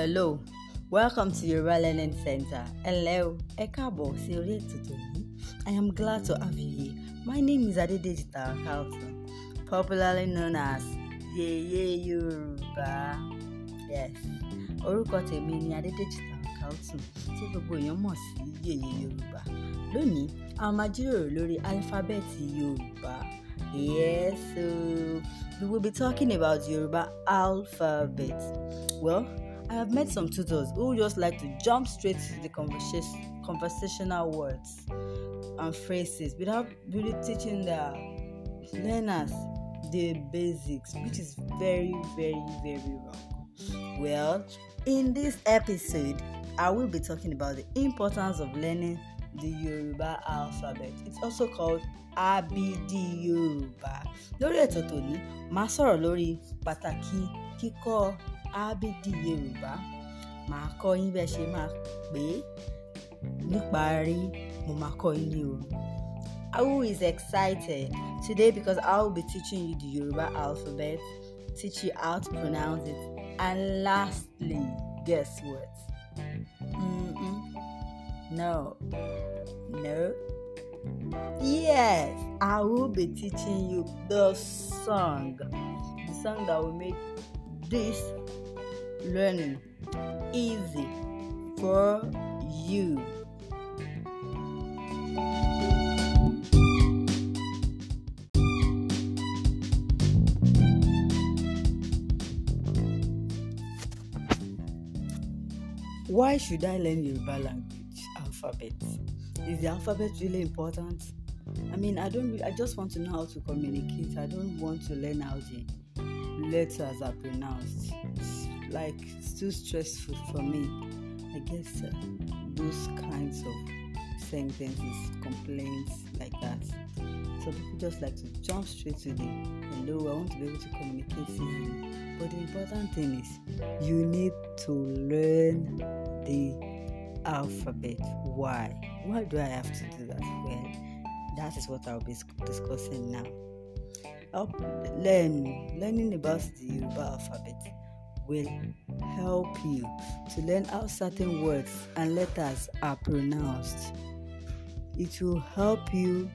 hello welcome to yoruba learning center hello ẹ káàbọ̀ sí orí ètò i am glad to have you here my name is adedeji tarakautu popularly known as yeye Yoruba. yes orúkọ tèmi ni adedeji tarakautu tí gbogbo èèyàn mọ̀ sí yeye yorùbá lónìí a máa jíròrò lórí alifábẹ́ẹ̀tì Yoruba. yes so we will be talking about yoruba alphabet well. I have met some tutors who just like to jump straight to the conversation, conversational words and phrases without really teaching their learners the basics, which is very, very, very wrong. Well, in this episode, I will be talking about the importance of learning the Yoruba alphabet. It's also called ABD Yoruba. Lórí ètò tòní, lórí pàtàkì kíkọ́ Abidi Yorùbá màá kọ́ yín bẹ́ẹ̀ ṣe máa pè é níparí mo máa kọ́ yín ní o. Who is excited today because I will be teaching you the Yoruba alphabet, teach you how to pronounce it, and lastly, guess what? Mm-mm. No, no, yes, I will be teaching you the song, the song that will make this learning easy for you. Why should I learn Yoruba language alphabet? Is the alphabet really important? I mean, I don't. Really, I just want to know how to communicate. I don't want to learn how the letters are pronounced like it's too stressful for me. I guess uh, those kinds of sentences, complaints like that. So people just like to jump straight to the hello. I want to be able to communicate easily. But the important thing is you need to learn the alphabet. Why? Why do I have to do that? Well, that is what I'll be discussing now. Up, learn learning about the Yoruba alphabet will help you to learn how certain words and letters are pronounced. It will help you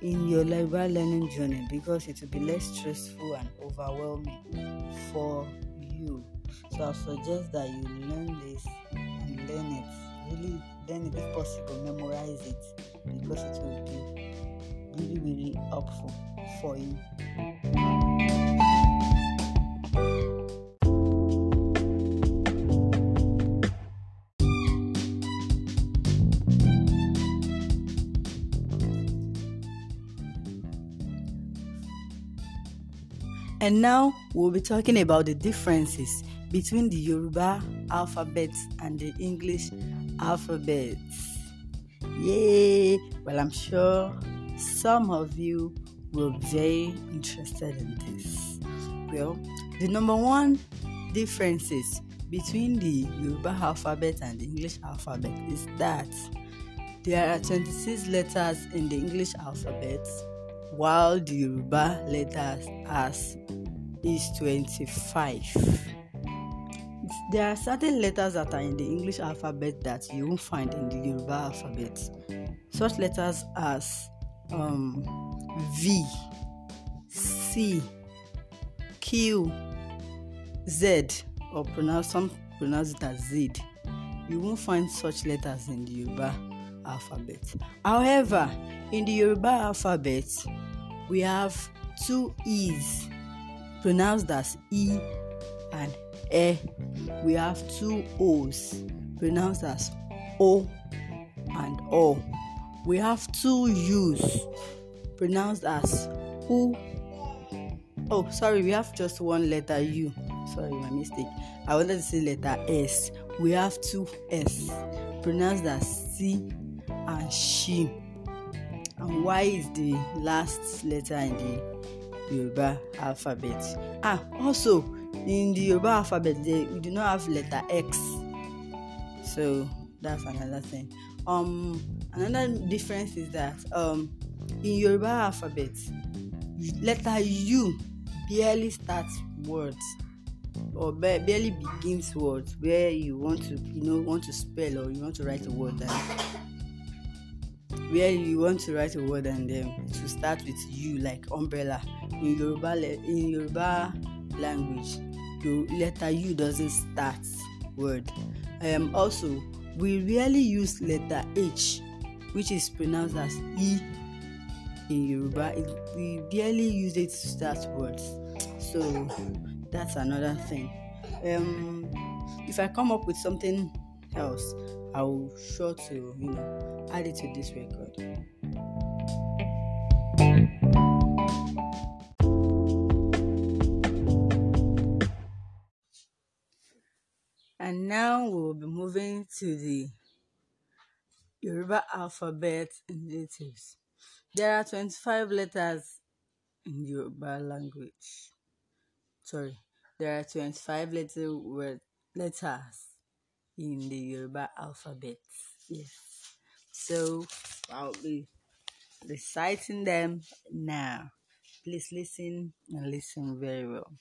in your liberal learning journey because it will be less stressful and overwhelming for you. So I suggest that you learn this and learn it. Really learn it if possible, memorize it because it will be really, really helpful for you. And now we'll be talking about the differences between the Yoruba alphabet and the English alphabet. Yay! Well, I'm sure some of you will be very interested in this. Well, the number one differences between the Yoruba alphabet and the English alphabet is that there are 26 letters in the English alphabet while the Yoruba letters as is 25. There are certain letters that are in the English alphabet that you won't find in the Yoruba alphabet. Such letters as um, V, C, Q, Z, or pronounce some pronounce it as Z. You won't find such letters in the Yoruba alphabet. However, in the Yoruba alphabet, we have two E's pronounced as E and E. We have two O's pronounced as O and O. We have two U's pronounced as U. Oh, sorry, we have just one letter U. Sorry, my mistake. I wanted to say letter S. We have two S pronounced as C and she and y is the last letter in the Yoruba alphabet. Ah, also in the Yoruba alphabet, they, we do not have letter X. So that's another thing. Um, another difference is that um, in Yoruba alphabet, letter U barely starts words or barely begins words where you want to you know want to spell or you want to write a word that. where you want to write a word and then to start with you like umbrella in Yoruba in Yoruba language the letter U doesn't start word. Um, also, we rarely use letter H, which is pronounced as E in Yoruba. It, we barely use it to start words. So that's another thing. Um, if I come up with something else, I will sure to you know add it to this record. And now we will be moving to the Yoruba alphabet and natives. There are 25 letters in Yoruba language. Sorry, there are 25 letter word, letters in the Yoruba alphabet. Yes. So I'll be reciting them now. Please listen and listen very well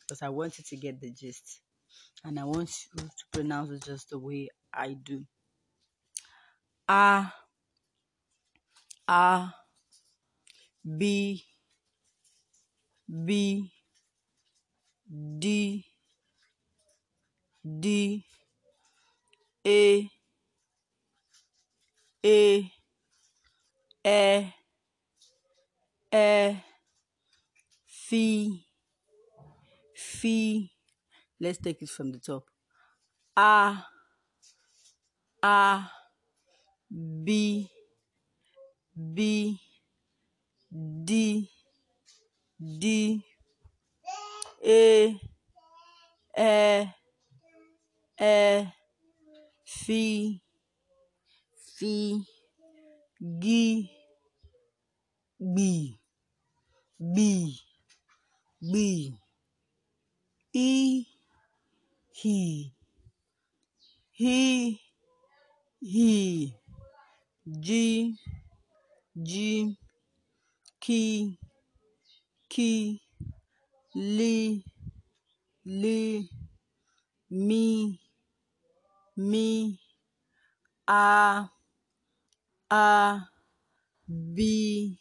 because I want you to get the gist and I want you to pronounce it just the way I do. Ah, ah, B, B, D, D. e e ẹ e, ẹ e, fi fi let's take it from the top a a b b d d e ẹ e, ẹ. fi fi gi gbì gbì gbì i hì hi hì ji ji ki ki li li mi me a a b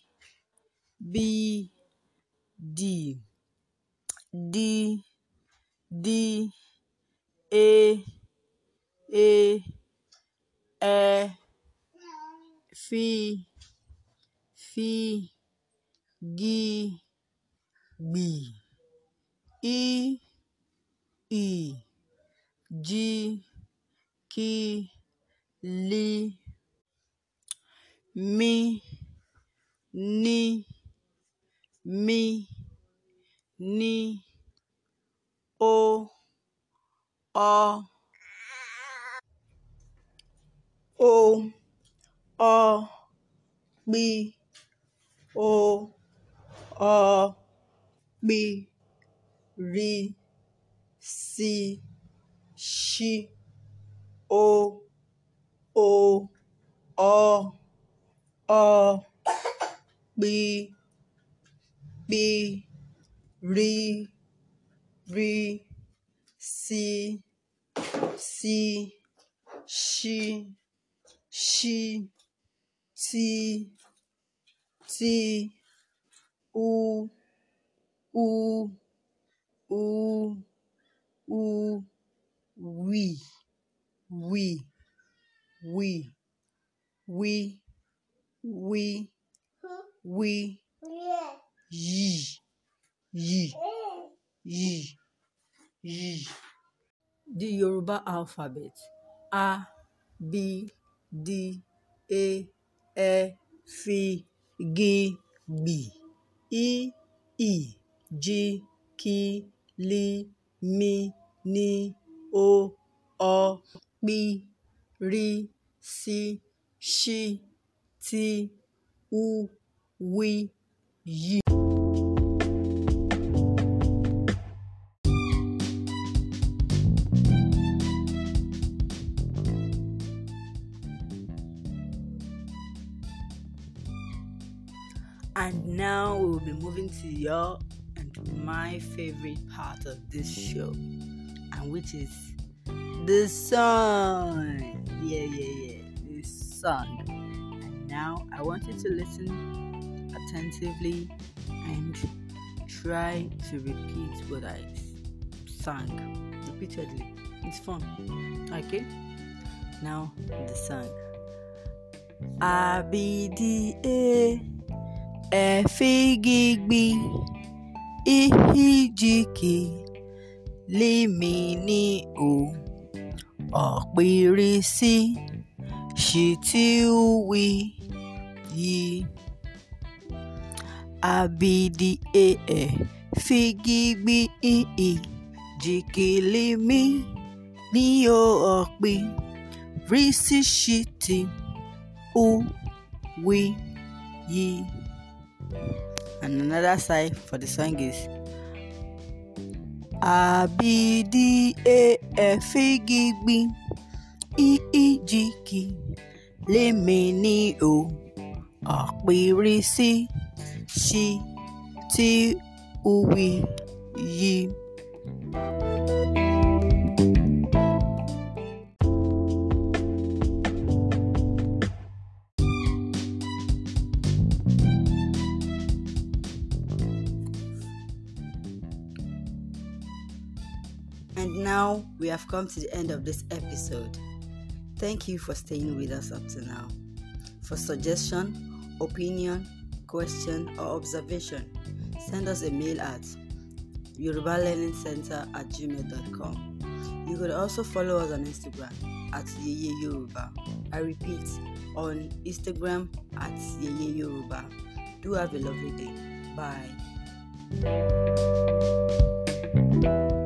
b d d d a a e fi fi gi gbi i Kílímí ní mí ní O ọ O ọ pi O ọ pi rí sí ṣí ó ó ọ ọ pí pí rí rí sí sí ṣí ṣí tí tí U U U ú wì we we we we we yìí yìí yìí yìí. The Yoruba alphabet A B D E F, G, B, Gbì I Ì Ji Ki Li Mi Ni O Ọ. me, re, si, ti, u, And now we will be moving to your and my favorite part of this show, and which is the sun. Yeah, yeah, yeah, the sun. And now I want you to listen attentively and try to repeat what I sang repeatedly. It's fun. Okay? Now the song. A B D A F E G B E G K L M N O. ọ̀pìrìsì ṣìtìúwì yìí abidi ee figigbi ii mi níyó ọ̀pì rìsì ṣìtì uwi yìí. And another side for the song is àbídíẹ̀fígígbìn e ììjìkì e lèmi ní o àpírísí sí tí uwì yìí now we have come to the end of this episode. Thank you for staying with us up to now. For suggestion, opinion, question, or observation, send us a mail at Yoruba Learning Center at gmail.com. You could also follow us on Instagram at Yeye I repeat, on Instagram at Yeye Do have a lovely day. Bye.